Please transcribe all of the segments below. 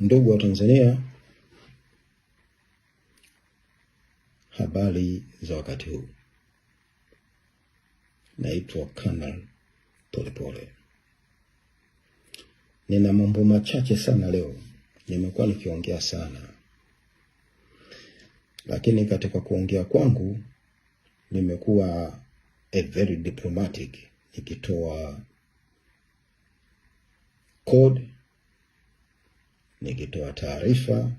Ndugu wa Tanzania, habari za wakati huu. Naitwa Kanal Polepole. Nina mambo machache sana leo, nimekuwa nikiongea sana, lakini katika kuongea kwangu nimekuwa a very diplomatic, nikitoa code nikitoa taarifa,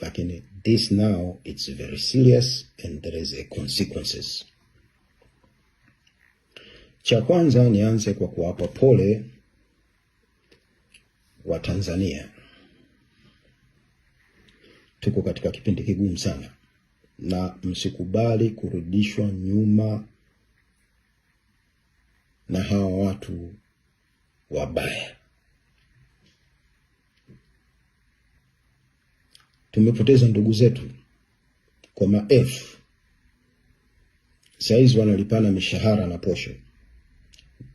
lakini this now it's very serious and there is a consequences. Cha kwanza nianze kwa kuwapa pole wa Tanzania. Tuko katika kipindi kigumu sana, na msikubali kurudishwa nyuma na hawa watu wabaya. Tumepoteza ndugu zetu kwa maelfu, saizi wanalipana mishahara na posho.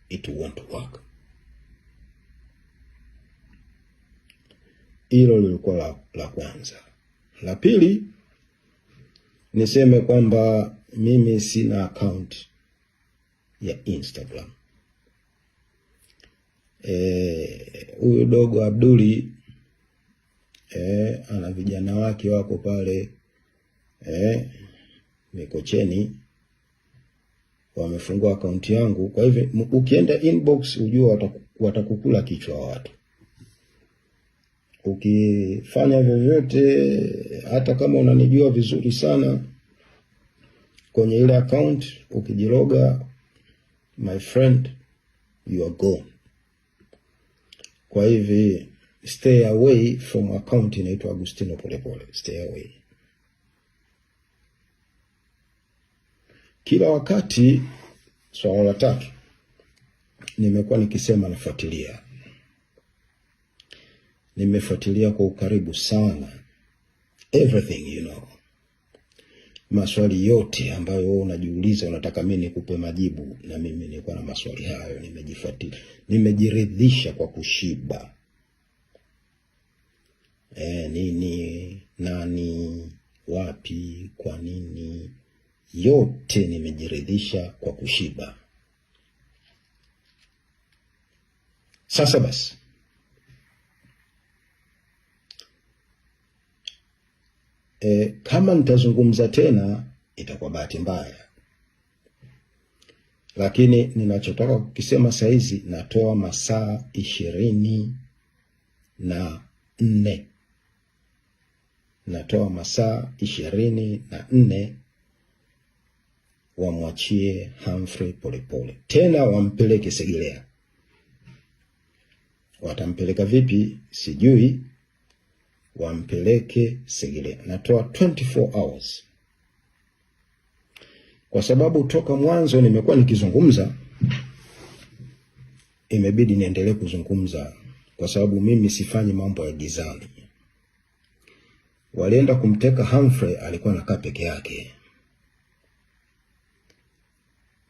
It won't work. Hilo lilikuwa la, la kwanza. La pili niseme kwamba mimi sina akaunt ya Instagram. Eh, huyu e, dogo Abduli eh, ana vijana wake wako pale eh, Mikocheni wamefungua akaunti yangu. Kwa hivyo ukienda inbox ujua wataku, watakukula kichwa watu. Ukifanya vyovyote, hata kama unanijua vizuri sana kwenye ile account, ukijiloga my friend you are gone. Kwa hivyo stay away from account inaitwa Agustino Polepole. Stay away. Kila wakati swala la tatu nimekuwa nikisema nafuatilia, nimefuatilia kwa ukaribu sana everything you know, maswali yote ambayo wewe unajiuliza, unataka mimi nikupe majibu, na mimi nilikuwa na maswali hayo, nimejifuatilia, nimejiridhisha kwa kushiba e, nini, nani, wapi, kwa nini, yote nimejiridhisha kwa kushiba. Sasa basi e, kama nitazungumza tena itakuwa bahati mbaya, lakini ninachotaka kukisema saizi natoa masaa ishirini na nne natoa masaa ishirini na nne wamwachie Humphrey Polepole, tena wampeleke Segerea. Watampeleka vipi sijui, wampeleke Segerea. Natoa 24 hours kwa sababu toka mwanzo nimekuwa nikizungumza, imebidi niendelee kuzungumza kwa sababu mimi sifanyi mambo ya gizani walienda kumteka Humphrey, alikuwa anakaa peke yake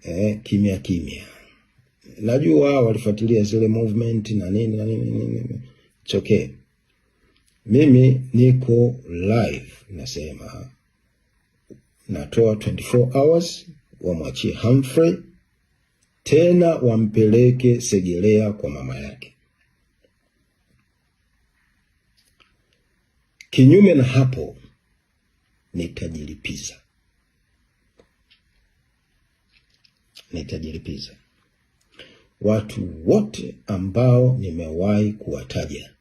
eh, kimya kimya. Najua walifuatilia zile movement na nini na nini nini, chokee. Mimi niko live nasema, natoa 24 hours wamwachie Humphrey, tena wampeleke Segelea kwa mama yake. Kinyume na hapo nitajilipiza, nitajilipiza. Watu wote ambao nimewahi kuwataja,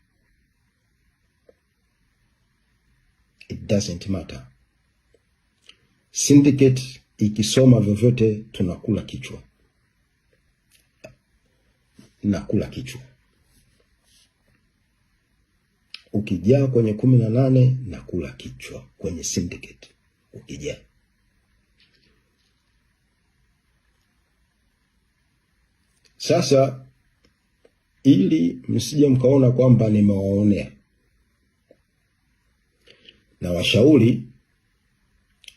it doesn't matter. Syndicate ikisoma vyovyote, tunakula kichwa, nakula kichwa. Ukijaa kwenye kumi na nane na kula kichwa kwenye syndicate ukijaa. Sasa ili msije mkaona kwamba nimewaonea, na washauri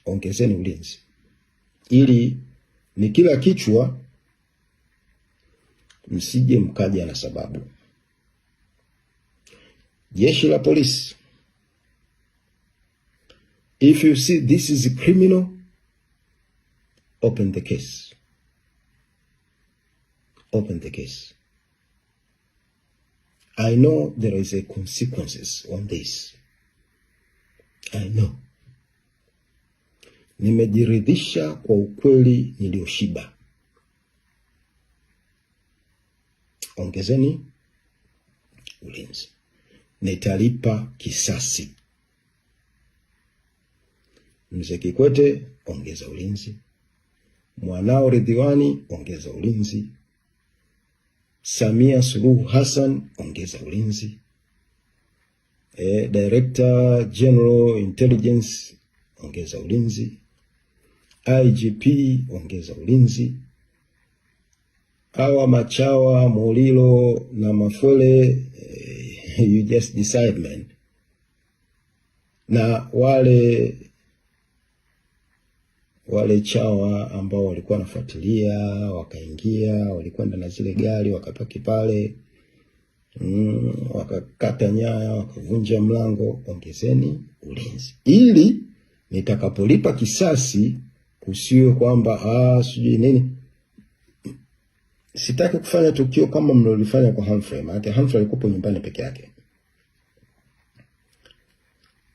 ongezeni ulinzi, ili ni kila kichwa msije mkaja na sababu jeshi la polisi. If you see this is a criminal, open the case. Open the case. I know there is a consequences on this. I know. Nimejiridhisha kwa ukweli nilioshiba. Ongezeni ulinzi. nitalipa kisasi. Mzee Kikwete, ongeza ulinzi. Mwanao Ridhiwani, ongeza ulinzi. Samia Suluhu Hassan, ongeza ulinzi. E, Director General Intelligence, ongeza ulinzi. IGP, ongeza ulinzi. Hawa machawa Mulilo na Mafwele e, you just decide man. Na wale wale chawa ambao walikuwa wanafuatilia wakaingia, walikwenda na zile gari wakapaki pale mm, wakakata nyaya wakavunja mlango. Ongezeni ulinzi ili nitakapolipa kisasi kusiwe kwamba ah, sijui nini sitaki kufanya tukio kama mlilofanya kwa Humphrey, maana Humphrey alikuwa nyumbani peke yake.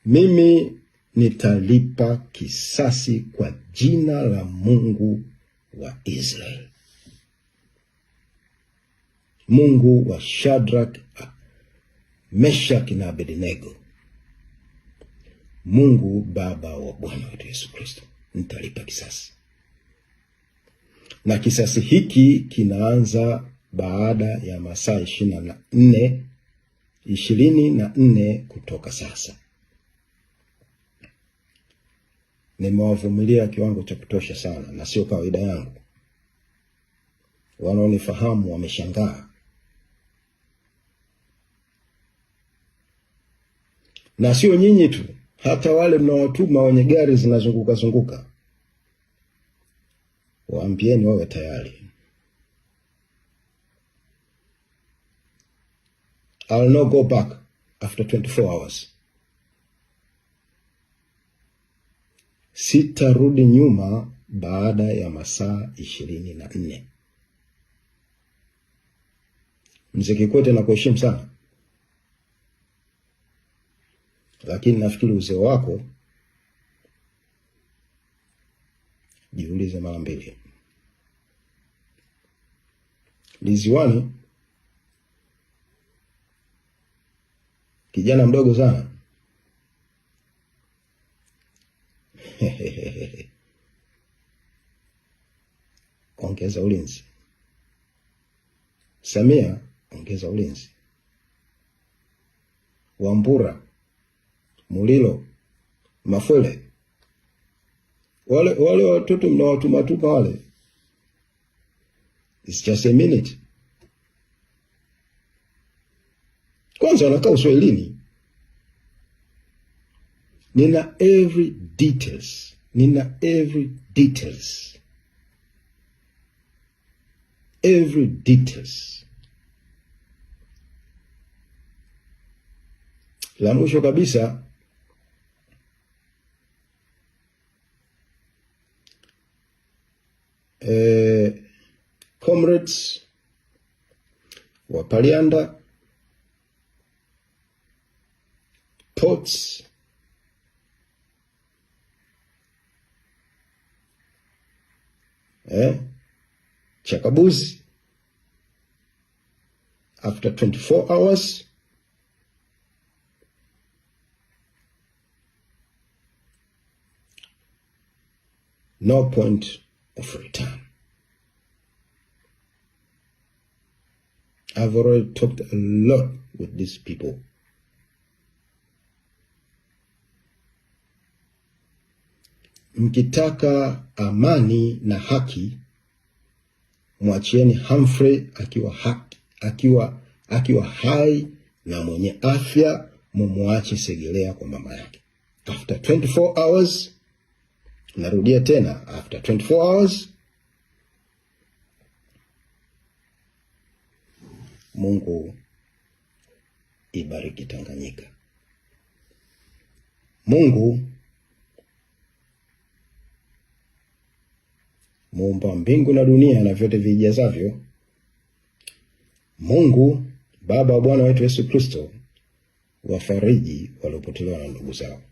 Mimi nitalipa kisasi kwa jina la Mungu wa Israeli, Mungu wa Shadrach, Meshach na Abednego, Mungu Baba wa Bwana wetu Yesu Kristo, nitalipa kisasi na kisasi hiki kinaanza baada ya masaa ishirini na nne ishirini na nne kutoka sasa. Nimewavumilia kiwango cha kutosha sana, na sio kawaida yangu. Wanaonifahamu wameshangaa, na sio nyinyi tu, hata wale mnaowatuma wenye gari zinazunguka zunguka waambieni wawe tayari. I will not go back after 24 hours. Sitarudi nyuma baada ya masaa ishirini na nne. Mzee Kikwete nakuheshimu sana, lakini nafikiri uzee wako mara mbili. Liziwani kijana mdogo sana ongeza ulinzi. Samia ongeza ulinzi. Wambura, Mulilo, mafule wale wale watoto mnawatumatupa wale, it's just a minute. Kwanza wanakaa uswahilini, nina every details, nina every details, every details. La mwisho kabisa spirits, Wapalianda, pots, eh, chakabuzi. After 24 hours, no point of return. I've already talked a lot with these people. Mkitaka amani na haki, mwachieni Humphrey akiwa haki, akiwa akiwa hai na mwenye afya, mumwache Segelea kwa mama yake. After 24 hours, narudia tena, after 24 hours Mungu ibariki Tanganyika. Mungu muumba mbingu na dunia na vyote vijazavyo, Mungu Baba wa Bwana wetu Yesu Kristo, wafariji waliopotelewa na ndugu zao.